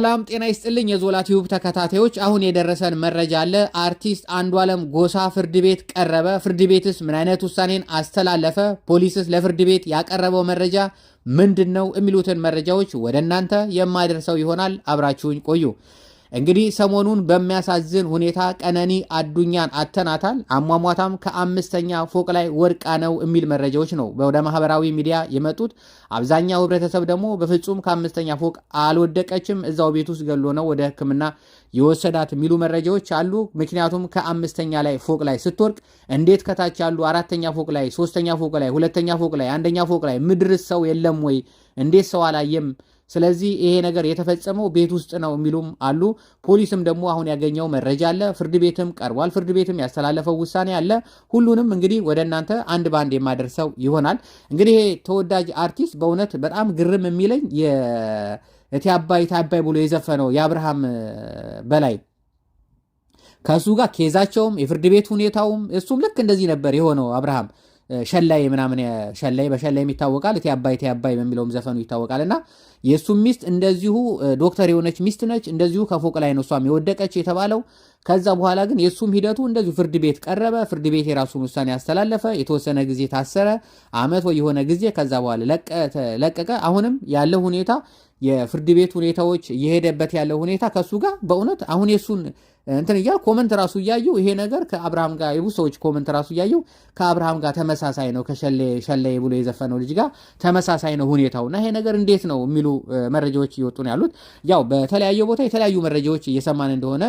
ሰላም ጤና ይስጥልኝ የዞላ ቲዩብ ተከታታዮች፣ አሁን የደረሰን መረጃ አለ። አርቲስት አንዷለም ጎሳ ፍርድ ቤት ቀረበ። ፍርድ ቤትስ ምን አይነት ውሳኔን አስተላለፈ? ፖሊስስ ለፍርድ ቤት ያቀረበው መረጃ ምንድን ነው? የሚሉትን መረጃዎች ወደ እናንተ የማደርሰው ይሆናል። አብራችሁኝ ቆዩ። እንግዲህ ሰሞኑን በሚያሳዝን ሁኔታ ቀነኒ አዱኛን አተናታል። አሟሟታም ከአምስተኛ ፎቅ ላይ ወድቃ ነው የሚል መረጃዎች ነው ወደ ማህበራዊ ሚዲያ የመጡት። አብዛኛው ህብረተሰብ ደግሞ በፍጹም ከአምስተኛ ፎቅ አልወደቀችም፣ እዛው ቤት ውስጥ ገሎ ነው ወደ ሕክምና የወሰዳት የሚሉ መረጃዎች አሉ። ምክንያቱም ከአምስተኛ ላይ ፎቅ ላይ ስትወድቅ እንዴት ከታች ያሉ አራተኛ ፎቅ ላይ፣ ሶስተኛ ፎቅ ላይ፣ ሁለተኛ ፎቅ ላይ፣ አንደኛ ፎቅ ላይ ምድርስ ሰው የለም ወይ? እንዴት ሰው አላየም ስለዚህ ይሄ ነገር የተፈጸመው ቤት ውስጥ ነው የሚሉም አሉ። ፖሊስም ደግሞ አሁን ያገኘው መረጃ አለ። ፍርድ ቤትም ቀርቧል። ፍርድ ቤትም ያስተላለፈው ውሳኔ አለ። ሁሉንም እንግዲህ ወደ እናንተ አንድ በአንድ የማደርሰው ይሆናል። እንግዲህ ተወዳጅ አርቲስት በእውነት በጣም ግርም የሚለኝ እቴ አባይ ታባይ ብሎ የዘፈነው የአብርሃም በላይ ከእሱ ጋር ኬዛቸውም የፍርድ ቤት ሁኔታውም እሱም ልክ እንደዚህ ነበር የሆነው አብርሃም ሸላይ ምናምን ሸላይ በሸላይም ይታወቃል። እቴ አባይ እቴ አባይ በሚለውም ዘፈኑ ይታወቃል። እና የእሱ ሚስት እንደዚሁ ዶክተር የሆነች ሚስት ነች። እንደዚሁ ከፎቅ ላይ ነው እሷም የወደቀች የተባለው። ከዛ በኋላ ግን የእሱም ሂደቱ እንደዚሁ ፍርድ ቤት ቀረበ። ፍርድ ቤት የራሱን ውሳኔ ያስተላለፈ። የተወሰነ ጊዜ ታሰረ፣ አመት ወይ የሆነ ጊዜ። ከዛ በኋላ ለቀቀ። አሁንም ያለው ሁኔታ የፍርድ ቤት ሁኔታዎች እየሄደበት ያለው ሁኔታ ከእሱ ጋር በእውነት አሁን የሱን እንትን እያል ኮመንት ራሱ እያየው ይሄ ነገር ከአብርሃም ጋር የብዙ ሰዎች ኮመንት ራሱ እያየው ከአብርሃም ጋር ተመሳሳይ ነው፣ ከሸሌ ብሎ የዘፈነው ልጅ ጋር ተመሳሳይ ነው ሁኔታው እና ይሄ ነገር እንዴት ነው የሚሉ መረጃዎች እየወጡ ነው ያሉት። ያው በተለያየ ቦታ የተለያዩ መረጃዎች እየሰማን እንደሆነ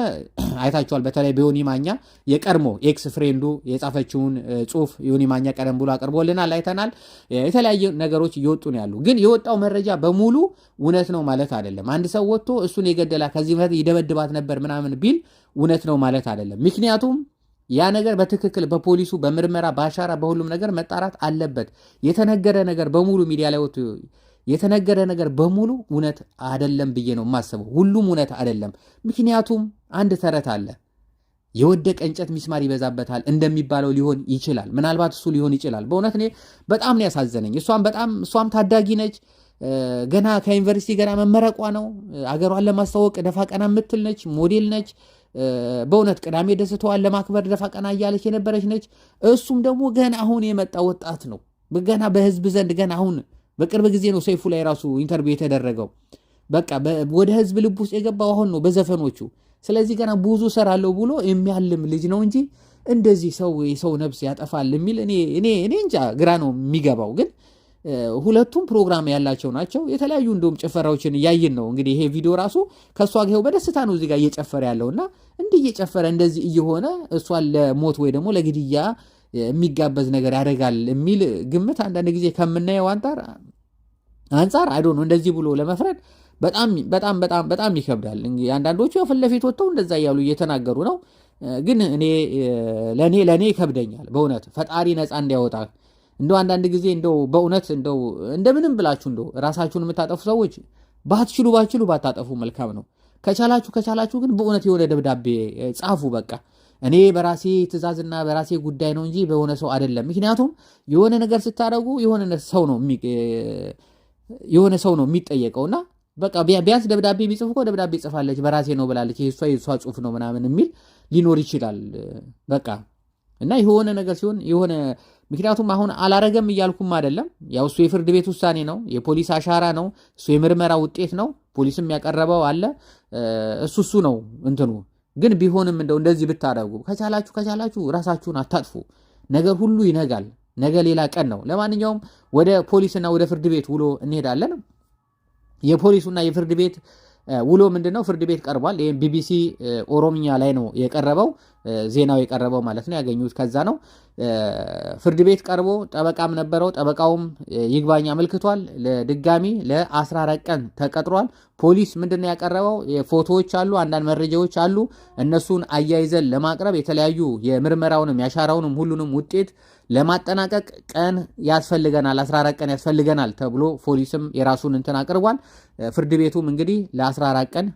አይታችኋል። በተለይ በዮኒ ማኛ የቀድሞ ኤክስ ፍሬንዱ የጻፈችውን ጽሁፍ ዮኒ ማኛ ቀደም ብሎ አቅርቦልናል፣ አይተናል። የተለያዩ ነገሮች እየወጡ ነው ያሉ። ግን የወጣው መረጃ በሙሉ እውነት ነው ማለት አይደለም። አንድ ሰው ወጥቶ እሱን የገደላ ከዚህ በፊት ይደበድባት ነበር ምናምን ቢል እውነት ነው ማለት አይደለም። ምክንያቱም ያ ነገር በትክክል በፖሊሱ በምርመራ በአሻራ በሁሉም ነገር መጣራት አለበት። የተነገረ ነገር በሙሉ ሚዲያ ላይ ወጥቶ የተነገረ ነገር በሙሉ እውነት አይደለም ብዬ ነው የማስበው። ሁሉም እውነት አይደለም። ምክንያቱም አንድ ተረት አለ የወደቀ እንጨት ሚስማር ይበዛበታል እንደሚባለው ሊሆን ይችላል። ምናልባት እሱ ሊሆን ይችላል። በእውነት እኔ በጣም ነው ያሳዘነኝ። እሷም በጣም እሷም ታዳጊ ነች። ገና ከዩኒቨርሲቲ ገና መመረቋ ነው። አገሯን ለማስተዋወቅ ደፋ ቀና የምትል ነች፣ ሞዴል ነች። በእውነት ቅዳሜ ደስተዋን ለማክበር ደፋ ቀና እያለች የነበረች ነች። እሱም ደግሞ ገና አሁን የመጣ ወጣት ነው። ገና በህዝብ ዘንድ ገና አሁን በቅርብ ጊዜ ነው ሰይፉ ላይ ራሱ ኢንተርቪው የተደረገው። በቃ ወደ ህዝብ ልብ ውስጥ የገባው አሁን ነው በዘፈኖቹ። ስለዚህ ገና ብዙ ሰራለሁ ብሎ የሚያልም ልጅ ነው እንጂ እንደዚህ ሰው የሰው ነብስ ያጠፋል የሚል እኔ እኔ እንጃ ግራ ነው የሚገባው ግን ሁለቱም ፕሮግራም ያላቸው ናቸው። የተለያዩ እንደውም ጭፈራዎችን እያየን ነው። እንግዲህ ይሄ ቪዲዮ ራሱ ከእሷ ጋር በደስታ ነው እዚህ ጋር እየጨፈረ ያለው እና እንዲህ እየጨፈረ እንደዚህ እየሆነ እሷን ለሞት ወይ ደግሞ ለግድያ የሚጋበዝ ነገር ያደርጋል የሚል ግምት አንዳንድ ጊዜ ከምናየው አንጻር አንጻር አይዶ ነው እንደዚህ ብሎ ለመፍረድ በጣም በጣም በጣም በጣም ይከብዳል። አንዳንዶቹ ፊት ለፊት ወጥተው እንደዛ እያሉ እየተናገሩ ነው። ግን እኔ ለእኔ ለእኔ ይከብደኛል በእውነት ፈጣሪ ነፃ እንዲያወጣ እንደ አንዳንድ ጊዜ እንደው በእውነት እንደው እንደምንም ብላችሁ እንደው ራሳችሁን የምታጠፉ ሰዎች ባትችሉ ባትችሉ ባታጠፉ መልካም ነው። ከቻላችሁ ከቻላችሁ ግን በእውነት የሆነ ደብዳቤ ጻፉ። በቃ እኔ በራሴ ትእዛዝና በራሴ ጉዳይ ነው እንጂ በሆነ ሰው አይደለም። ምክንያቱም የሆነ ነገር ስታደርጉ የሆነ ሰው ነው የሆነ ሰው ነው በቃ ቢያንስ ደብዳቤ የሚጽፉ እኮ ደብዳቤ ጽፋለች በራሴ ነው ብላለች የእሷ የእሷ ጽሁፍ ነው ምናምን የሚል ሊኖር ይችላል በቃ እና የሆነ ነገር ሲሆን የሆነ ምክንያቱም አሁን አላረገም እያልኩም አይደለም። ያው እሱ የፍርድ ቤት ውሳኔ ነው፣ የፖሊስ አሻራ ነው፣ እሱ የምርመራ ውጤት ነው። ፖሊስም ያቀረበው አለ። እሱ እሱ ነው እንትኑ ግን ቢሆንም እንደው እንደዚህ ብታደርጉ ከቻላችሁ ከቻላችሁ ራሳችሁን አታጥፉ። ነገር ሁሉ ይነጋል። ነገ ሌላ ቀን ነው። ለማንኛውም ወደ ፖሊስና ወደ ፍርድ ቤት ውሎ እንሄዳለን። የፖሊሱና የፍርድ ቤት ውሎ ምንድን ነው? ፍርድ ቤት ቀርቧል። ይህም ቢቢሲ ኦሮምኛ ላይ ነው የቀረበው ዜናው የቀረበው ማለት ነው። ያገኙት ከዛ ነው። ፍርድ ቤት ቀርቦ ጠበቃም ነበረው። ጠበቃውም ይግባኝ አመልክቷል። ለድጋሚ ለ14 ቀን ተቀጥሯል። ፖሊስ ምንድን ነው ያቀረበው? ፎቶዎች አሉ፣ አንዳንድ መረጃዎች አሉ። እነሱን አያይዘን ለማቅረብ የተለያዩ የምርመራውንም ያሻራውንም ሁሉንም ውጤት ለማጠናቀቅ ቀን ያስፈልገናል፣ 14 ቀን ያስፈልገናል ተብሎ ፖሊስም የራሱን እንትን አቅርቧል። ፍርድ ቤቱም እንግዲህ ለ14 ቀን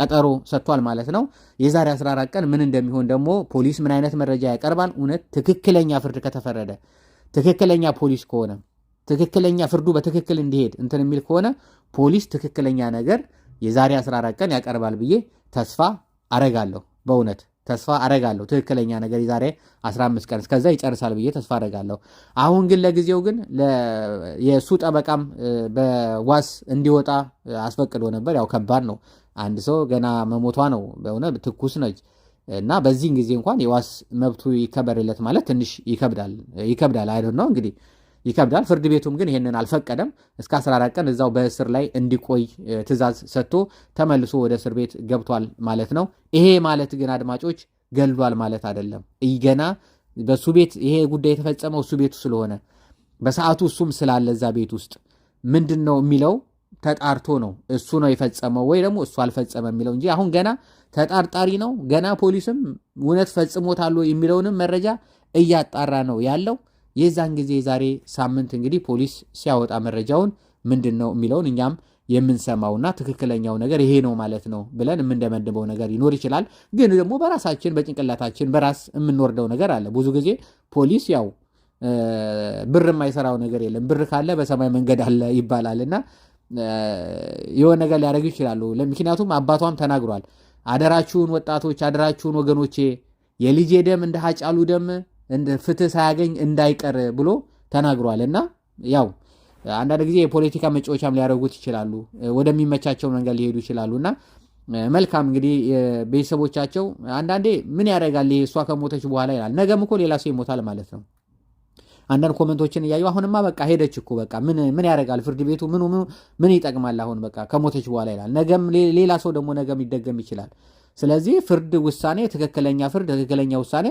ቀጠሮ ሰጥቷል ማለት ነው። የዛሬ 14 ቀን ምን እንደሚሆን ደግሞ ፖሊስ ምን አይነት መረጃ ያቀርባል? እውነት ትክክለኛ ፍርድ ከተፈረደ ትክክለኛ ፖሊስ ከሆነ ትክክለኛ ፍርዱ በትክክል እንዲሄድ እንትን የሚል ከሆነ ፖሊስ ትክክለኛ ነገር የዛሬ 14 ቀን ያቀርባል ብዬ ተስፋ አረጋለሁ በእውነት ተስፋ አረጋለሁ። ትክክለኛ ነገር የዛሬ 15 ቀን እስከዛ ይጨርሳል ብዬ ተስፋ አረጋለሁ። አሁን ግን ለጊዜው ግን የእሱ ጠበቃም በዋስ እንዲወጣ አስፈቅዶ ነበር። ያው ከባድ ነው። አንድ ሰው ገና መሞቷ ነው። በሆነ ትኩስ ነች እና በዚህን ጊዜ እንኳን የዋስ መብቱ ይከበርለት ማለት ትንሽ ይከብዳል። ይከብዳል ነው እንግዲህ ይከብዳል። ፍርድ ቤቱም ግን ይህንን አልፈቀደም። እስከ 14 ቀን እዛው በእስር ላይ እንዲቆይ ትዕዛዝ ሰጥቶ ተመልሶ ወደ እስር ቤት ገብቷል ማለት ነው። ይሄ ማለት ግን አድማጮች ገድሏል ማለት አይደለም። ገና በሱ ቤት ይሄ ጉዳይ የተፈጸመው እሱ ቤቱ ስለሆነ በሰዓቱ እሱም ስላለ እዛ ቤት ውስጥ ምንድን ነው የሚለው ተጣርቶ ነው እሱ ነው የፈጸመው ወይ ደግሞ እሱ አልፈጸመ የሚለው እንጂ አሁን ገና ተጠርጣሪ ነው። ገና ፖሊስም እውነት ፈጽሞታል የሚለውንም መረጃ እያጣራ ነው ያለው። የዛን ጊዜ የዛሬ ሳምንት እንግዲህ ፖሊስ ሲያወጣ መረጃውን ምንድን ነው የሚለውን እኛም የምንሰማውና ትክክለኛው ነገር ይሄ ነው ማለት ነው ብለን የምንደመድበው ነገር ይኖር ይችላል። ግን ደግሞ በራሳችን በጭንቅላታችን በራስ የምንወርደው ነገር አለ። ብዙ ጊዜ ፖሊስ ያው ብር የማይሰራው ነገር የለም። ብር ካለ በሰማይ መንገድ አለ ይባላል እና የሆነ ነገር ሊያደርጉ ይችላሉ። ምክንያቱም አባቷም ተናግሯል። አደራችሁን ወጣቶች፣ አደራችሁን ወገኖቼ የልጄ ደም እንደ ሀጫሉ ደም ፍትህ ሳያገኝ እንዳይቀር ብሎ ተናግሯል። እና ያው አንዳንድ ጊዜ የፖለቲካ መጫወቻም ሊያደርጉት ይችላሉ፣ ወደሚመቻቸው መንገድ ሊሄዱ ይችላሉ። እና መልካም እንግዲህ ቤተሰቦቻቸው አንዳንዴ ምን ያደርጋል ይሄ እሷ ከሞተች በኋላ ይላል፣ ነገም እኮ ሌላ ሰው ይሞታል ማለት ነው። አንዳንድ ኮመንቶችን እያየሁ አሁንማ በቃ ሄደች እኮ በቃ ምን ምን ያደርጋል ፍርድ ቤቱ ምኑ ምን ይጠቅማል አሁን በቃ ከሞተች በኋላ ይላል፣ ነገም ሌላ ሰው ደግሞ ነገም ይደገም ይችላል። ስለዚህ ፍርድ ውሳኔ፣ ትክክለኛ ፍርድ፣ ትክክለኛ ውሳኔ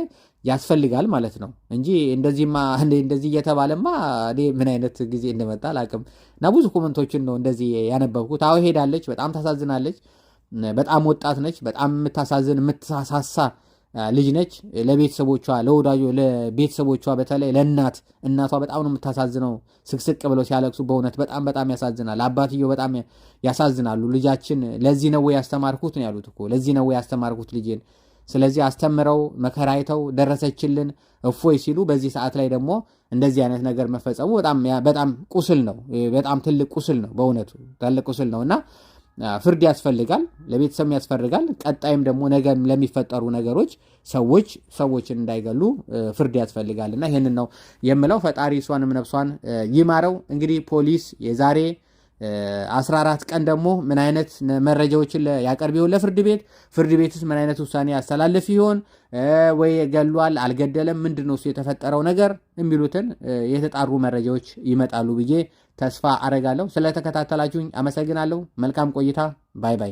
ያስፈልጋል ማለት ነው እንጂ እንደዚህማ እንደዚህ እየተባለማ እኔ ምን አይነት ጊዜ እንደመጣ አላቅም። እና ብዙ ኮመንቶችን ነው እንደዚህ ያነበብኩት። አዎ ሄዳለች፣ በጣም ታሳዝናለች። በጣም ወጣት ነች። በጣም የምታሳዝን የምትሳሳሳ ልጅ ነች። ለቤተሰቦቿ ለወዳጆ ለቤተሰቦቿ በተለይ ለእናት እናቷ በጣም ነው የምታሳዝነው። ስቅስቅ ብለው ሲያለቅሱ በእውነት በጣም በጣም ያሳዝናል። አባትየው በጣም ያሳዝናሉ። ልጃችን ለዚህ ነው ያስተማርኩት ነው ያሉት እኮ ለዚህ ነው ያስተማርኩት ልጅን። ስለዚህ አስተምረው መከራይተው ደረሰችልን እፎይ ሲሉ፣ በዚህ ሰዓት ላይ ደግሞ እንደዚህ አይነት ነገር መፈጸሙ በጣም ቁስል ነው። በጣም ትልቅ ቁስል ነው። በእውነቱ ትልቅ ቁስል ነው እና ፍርድ ያስፈልጋል፣ ለቤተሰብ ያስፈልጋል። ቀጣይም ደግሞ ነገ ለሚፈጠሩ ነገሮች ሰዎች ሰዎችን እንዳይገሉ ፍርድ ያስፈልጋል እና ይህንን ነው የምለው። ፈጣሪ እሷንም ነፍሷን ይማረው። እንግዲህ ፖሊስ የዛሬ 14 ቀን ደግሞ ምን አይነት መረጃዎችን ያቀርብ ይሆን ለፍርድ ቤት? ፍርድ ቤትስ ምን አይነት ውሳኔ ያስተላልፍ ይሆን? ወይ ገሏል፣ አልገደለም፣ ምንድን ነው እሱ የተፈጠረው ነገር የሚሉትን የተጣሩ መረጃዎች ይመጣሉ ብዬ ተስፋ አረጋለሁ። ስለተከታተላችሁኝ አመሰግናለሁ። መልካም ቆይታ። ባይ ባይ።